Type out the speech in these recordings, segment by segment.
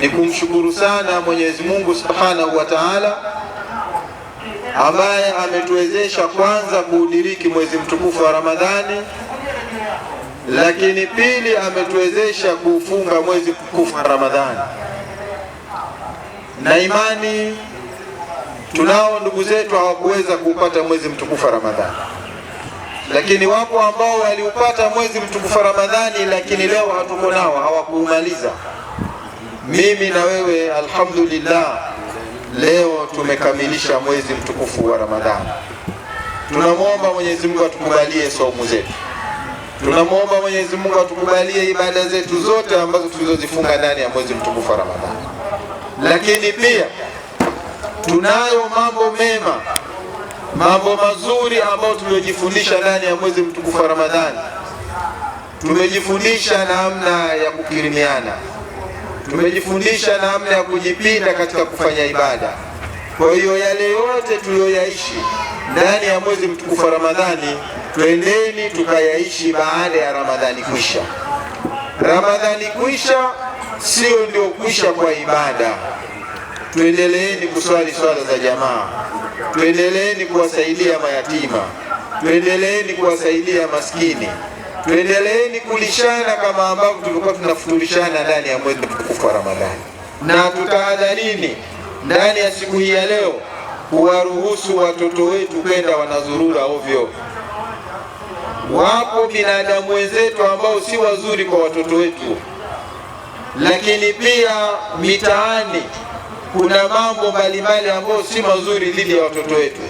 ni kumshukuru sana Mwenyezi Mungu Subhanahu wa Ta'ala ambaye ametuwezesha kwanza kuudiriki mwezi mtukufu wa Ramadhani, lakini pili ametuwezesha kuufunga mwezi mtukufu wa Ramadhani. Na imani tunao ndugu zetu hawakuweza kuupata mwezi mtukufu wa Ramadhani, lakini wapo ambao waliupata mwezi mtukufu wa Ramadhani, lakini leo hatuko nao, hawakuumaliza mimi na wewe alhamdulillah, leo tumekamilisha mwezi mtukufu wa Ramadhani. Tunamwomba Mwenyezi Mungu atukubalie saumu zetu, tunamwomba Mwenyezi Mungu atukubalie ibada zetu zote ambazo tulizozifunga ndani ya mwezi mtukufu wa Ramadhani. Lakini pia tunayo mambo mema, mambo mazuri ambayo tumejifundisha ndani ya mwezi mtukufu wa Ramadhani. Tumejifundisha namna ya kukirimiana tumejifundisha namna ya kujipinda katika kufanya ibada. Kwa hiyo yale yote tuliyoyaishi ndani ya mwezi mtukufu wa Ramadhani, twendeni tukayaishi baada ya Ramadhani kuisha. Ramadhani kuisha sio ndio kuisha kwa ibada. Tuendeleeni kuswali swala za jamaa, tuendeleeni kuwasaidia mayatima, tuendeleeni kuwasaidia maskini tuendeleeni kulishana kama ambavyo tulikuwa tunafundishana ndani ya mwezi mtukufu wa Ramadhani, na tutahadharini ndani ya siku hii ya leo kuwaruhusu watoto wetu kwenda wanazurura ovyo. Wapo binadamu wenzetu ambao si wazuri kwa watoto wetu, lakini pia mitaani kuna mambo mbalimbali ambayo si mazuri dhidi ya watoto wetu.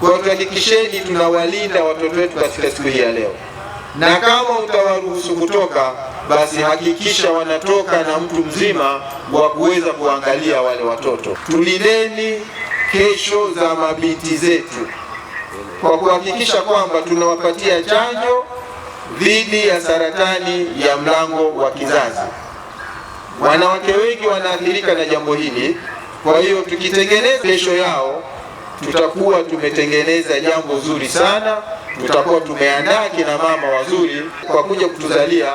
Kwa tuhakikisheni tunawalinda watoto wetu katika siku hii ya leo na kama utawaruhusu kutoka, basi hakikisha wanatoka na mtu mzima wa kuweza kuangalia wale watoto. Tulindeni kesho za mabinti zetu kwa kuhakikisha kwamba tunawapatia chanjo dhidi ya saratani ya mlango wa kizazi. Wanawake wengi wanaathirika na jambo hili, kwa hiyo tukitengeneza kesho yao tutakuwa tumetengeneza jambo zuri sana tutakuwa tumeandaa kina mama wazuri kwa kuja kutuzalia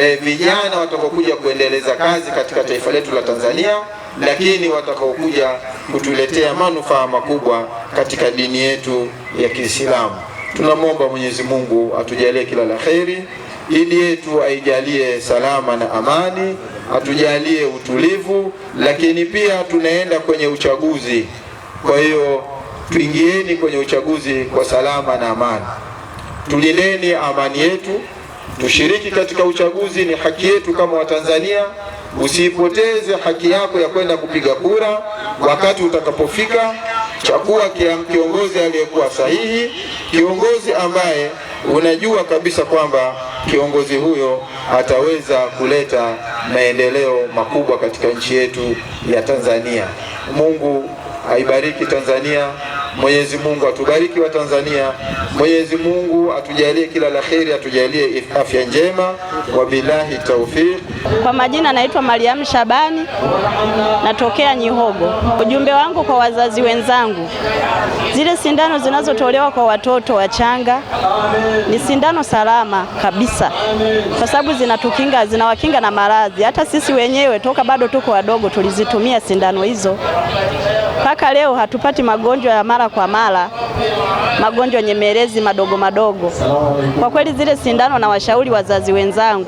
e, vijana watakaokuja kuendeleza kazi katika taifa letu la Tanzania, lakini watakaokuja kutuletea manufaa makubwa katika dini yetu ya Kiislamu. Tunamwomba Mwenyezi Mungu atujalie kila la kheri, ili yetu aijalie salama na amani, atujalie utulivu, lakini pia tunaenda kwenye uchaguzi, kwa hiyo tuingieni kwenye uchaguzi kwa salama na amani, tulindeni amani yetu, tushiriki katika uchaguzi, ni haki yetu kama Watanzania. usiipoteze haki yako ya kwenda kupiga kura. Wakati utakapofika, chagua kiongozi aliyekuwa sahihi, kiongozi ambaye unajua kabisa kwamba kiongozi huyo ataweza kuleta maendeleo makubwa katika nchi yetu ya Tanzania. Mungu aibariki Tanzania. Mwenyezi Mungu atubariki wa Tanzania. Mwenyezi Mungu atujalie kila la kheri, atujalie afya njema, wabillahi taufiq. Kwa majina naitwa Mariam Shabani, natokea Nyihogo. Ujumbe wangu kwa wazazi wenzangu, zile sindano zinazotolewa kwa watoto wachanga ni sindano salama kabisa, kwa sababu zinatukinga, zinawakinga na maradhi. Hata sisi wenyewe toka bado tuko wadogo tulizitumia sindano hizo. Mpaka leo hatupati magonjwa ya mara kwa mara, magonjwa nyemelezi madogo madogo. Kwa kweli zile sindano, na washauri wazazi wenzangu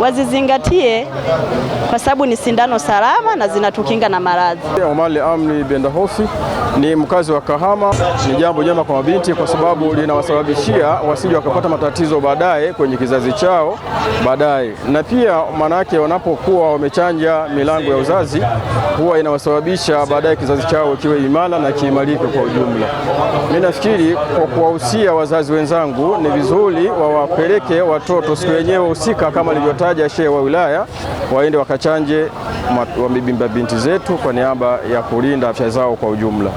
wazizingatie, kwa sababu ni sindano salama na zinatukinga na maradhi. Omali Amri Bendahosi ni mkazi wa Kahama. Ni jambo jema kwa mabinti kwa sababu linawasababishia wasije wakapata matatizo baadaye kwenye kizazi chao baadaye, na pia maanake wanapokuwa wamechanja milango ya uzazi huwa inawasababisha baadaye kizazi kizazi chao kiwe imara na kiimarike kwa ujumla. Mimi nafikiri kwa kuwahusia wazazi wenzangu, ni vizuri wawapeleke watoto siku wenyewe husika, kama alivyotaja shehe wa wilaya, waende wakachanje wamibimba binti zetu kwa niaba ya kulinda afya zao kwa ujumla.